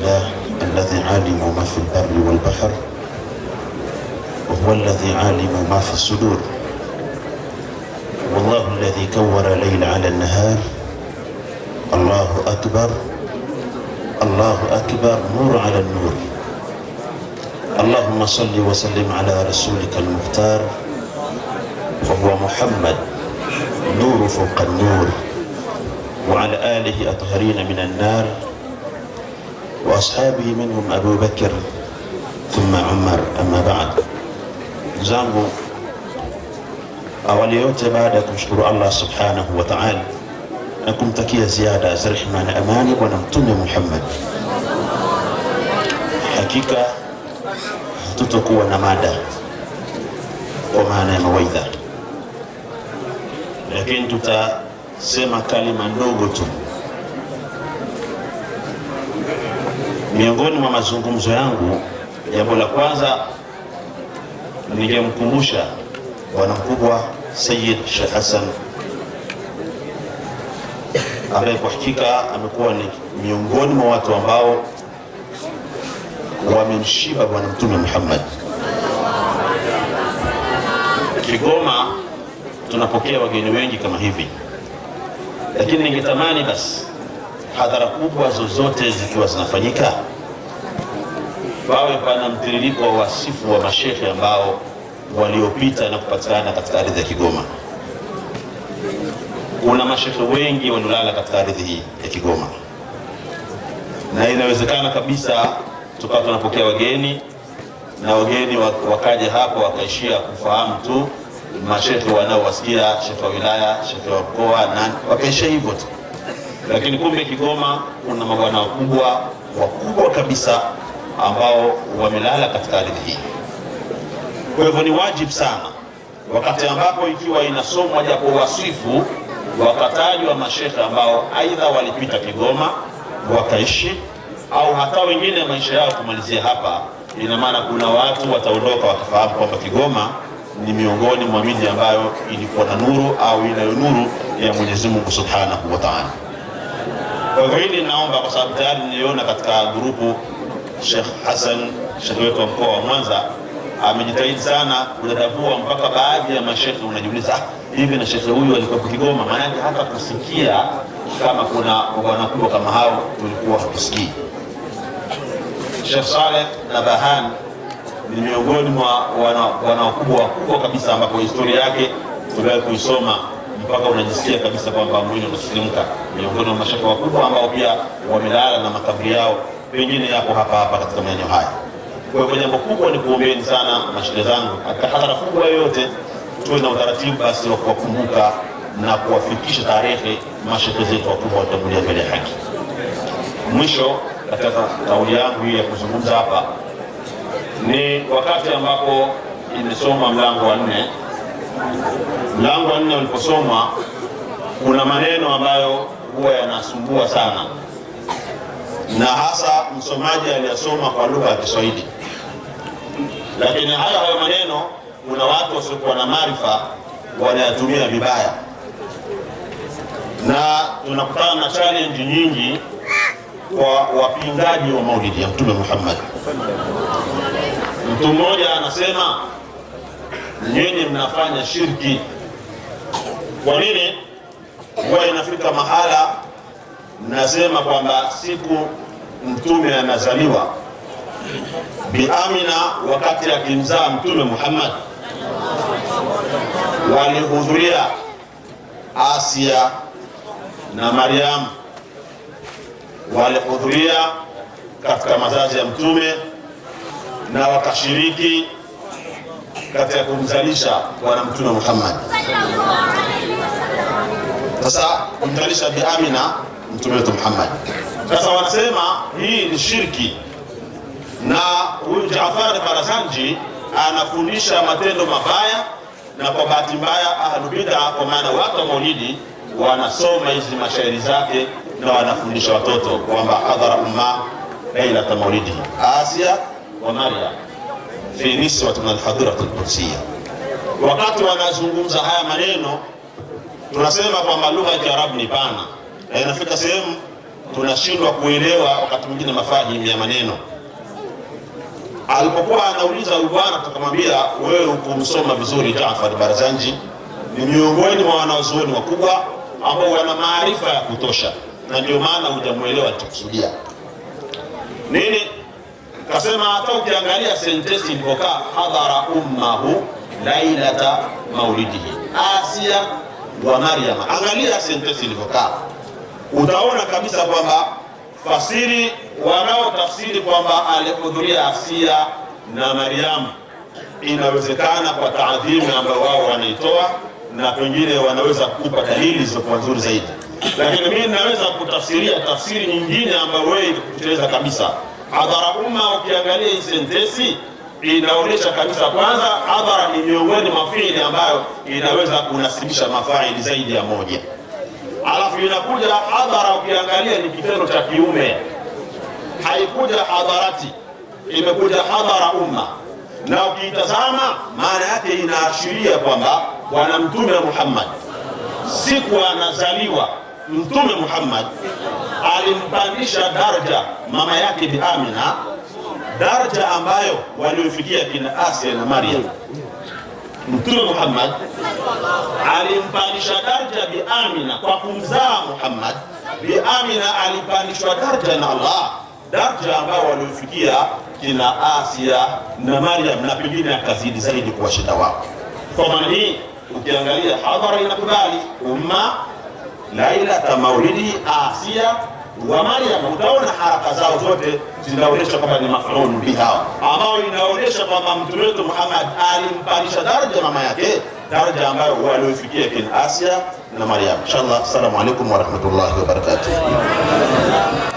الله الذي عالم ما في البر والبحر وهو الذي عالم ما في الصدور والله الذي كور ليل على النهار الله أكبر الله أكبر نور على النور اللهم صل وسلم على رسولك المختار وهو محمد نور فوق النور وعلى آله أطهرين من النار وأصحابه منهم أبو بكر ثم عمر أما بعد زانغو أولي يوتي بعدك أشكر الله سبحانه وتعالى أنكم تكي زيادة أزرح من أماني ونمتن محمد حقيقة تتكو نمادة ومعنى مويدة لكن تتا سيما كلمة نوغتو Miongoni mwa mazungumzo yangu, jambo la kwanza nilimkumbusha bwana mkubwa Sayyid Sheikh Hassan ambaye kwa hakika amekuwa ni miongoni mwa watu ambao wamemshiba bwana Mtume Muhammad. Kigoma tunapokea wageni wengi kama hivi, lakini ningetamani basi hadhara kubwa zozote zikiwa zinafanyika, pawe pana mtiririko wa wasifu wa mashehe ambao waliopita na kupatikana katika ardhi ya Kigoma. Kuna mashehe wengi waliolala katika ardhi hii ya Kigoma, na inawezekana kabisa tukawa tunapokea wageni na wageni wakaja hapo wakaishia kufahamu tu mashehe wanaowasikia, shehe wa wilaya, shehe wa mkoa, na wakaishia hivyo tu lakini kumbe Kigoma kuna mabwana wakubwa wakubwa kabisa ambao wamelala katika ardhi hii. Kwa hivyo ni wajibu sana, wakati ambapo ikiwa inasomwa japo wasifu, wakatajwa mashekhe ambao aidha walipita Kigoma wakaishi au hata wengine maisha yao kumalizia hapa. Ina maana kuna watu wataondoka wakifahamu kwamba Kigoma ni miongoni mwa miji ambayo ilikuwa na nuru au inayo nuru ya Mwenyezi Mungu Subhanahu wa Ta'ala. Kwa hivyo hili naomba, kwa sababu tayari niliona katika grupu Sheikh Hassan, Sheikh wetu wa mkoa wa Mwanza amejitahidi sana kudadavua, mpaka baadhi ya mashekhe unajiuliza hivi, na shekhe huyu alikuwa Kigoma? Maanake hata kusikia kama kuna wanakuwa kama hao tulikuwa hatusikii. Sheikh Saleh na Bahan ni miongoni mwa wana wakubwa wakubwa kabisa, ambapo historia yake tuliwahi kuisoma mpaka unajisikia kabisa kwamba mwili unasilimka miongoni mwa mashaka wakubwa ambao pia wamelala na makaburi yao pengine yako hapa hapa katika maeneo haya. Kwa hivyo jambo kubwa ni kuombeni sana mashule zangu, katika hadhara kubwa yoyote tuwe na utaratibu basi wa kuwakumbuka na kuwafikisha tarehe mashehe zetu wakubwa watangulia mbele ya haki. Mwisho katika kauli yangu hii ya kuzungumza hapa ni wakati ambapo imesoma mlango wa nne mlango wa nne uliposomwa, kuna maneno ambayo huwa yanasumbua sana, na hasa msomaji aliyasoma kwa lugha ya Kiswahili. Lakini hayo hayo maneno kuna watu wasiokuwa na maarifa wanayatumia vibaya, na tunakutana na challenge nyingi kwa wapingaji wa maulidi ya Mtume Muhammad. Mtu mmoja anasema nyinyi mnafanya shirki. Kwa nini? Huwa inafika mahala mnasema kwamba siku mtume anazaliwa biamina, wakati akimzaa mtume Muhammad walihudhuria Asia na Mariamu, walihudhuria katika mazazi ya mtume na wakashiriki katika kumzalisha Bwana Mtume Muhammad. Sasa kumzalisha Bi Amina mtume wetu Muhammad. Sasa wanasema hii ni shirki, na huyu Jaafar Farasanji anafundisha matendo mabaya, na kwa bahati mbaya ahlubida, kwa maana watu wa maulidi wanasoma hizi mashairi zake na wanafundisha watoto kwamba hadhara umma lailata maulidi Asia wa Maryam fi niswati min alhadhirati alqudsiya. Wakati wanazungumza haya maneno, tunasema kwamba lugha ya Kiarabu ni pana na inafika sehemu tunashindwa kuelewa wakati mwingine mafahimu ya maneno. Alipokuwa anauliza ubwana, tukamwambia wewe ukumsoma vizuri Jaafar Barzanji, ni miongoni mwa wanazuoni wakubwa ambao wana maarifa ya kutosha, na ndio maana hujamwelewa alichokusudia nini. Kasema hata ukiangalia sentensi ilivyokaa, hadhara ummahu lailata maulidihi Asia wa Maryam. Angalia sentensi ilivyokaa, utaona kabisa kwamba fasiri wanaotafsiri kwamba alihudhuria Asia na Maryam, inawezekana kwa taadhimu ambayo wao wanaitoa, na pengine wanaweza kukupa dalili zilizokuwa nzuri zaidi, lakini mimi naweza kutafsiria tafsiri nyingine ambayo wewe itakuteleza kabisa. Hadhara umma, ukiangalia hii inaonyesha kabisa, kwanza hadhara ni miongoni mafiili ambayo inaweza kunasibisha mafaili zaidi ya moja. Alafu inakuja hadhara, ukiangalia ni kitendo cha kiume, haikuja hadharati, imekuja hadhara umma, na ukiitazama maana yake inaashiria kwamba Bwana Mtume Muhammad siku anazaliwa Mtume Muhammad alimpandisha daraja mama yake Bi Amina, daraja ambayo waliofikia kina Asia na Maria. Mtume Muhammad alimpandisha daraja Bi Amina kwa kumzaa Muhammad. Bi Amina alipandishwa daraja na Allah, daraja ambayo waliofikia kina Asia na Maryam, na pengine akazidi zaidi kuwashinda wao. Kwa maana hii ukiangalia hadhara inakubali umma lailata maulidi Asia wa Maryam. Utaona haraka zao zote zinaonyesha kwamba ni mafaulu biha, ambao inaonyesha kwamba mtume wetu Muhammad alimpandisha daraja mama yake, daraja ambayo waliofikia kin Asia na Maryam. Inshallah, assalamu alaykum wa rahmatullahi wa barakatuh.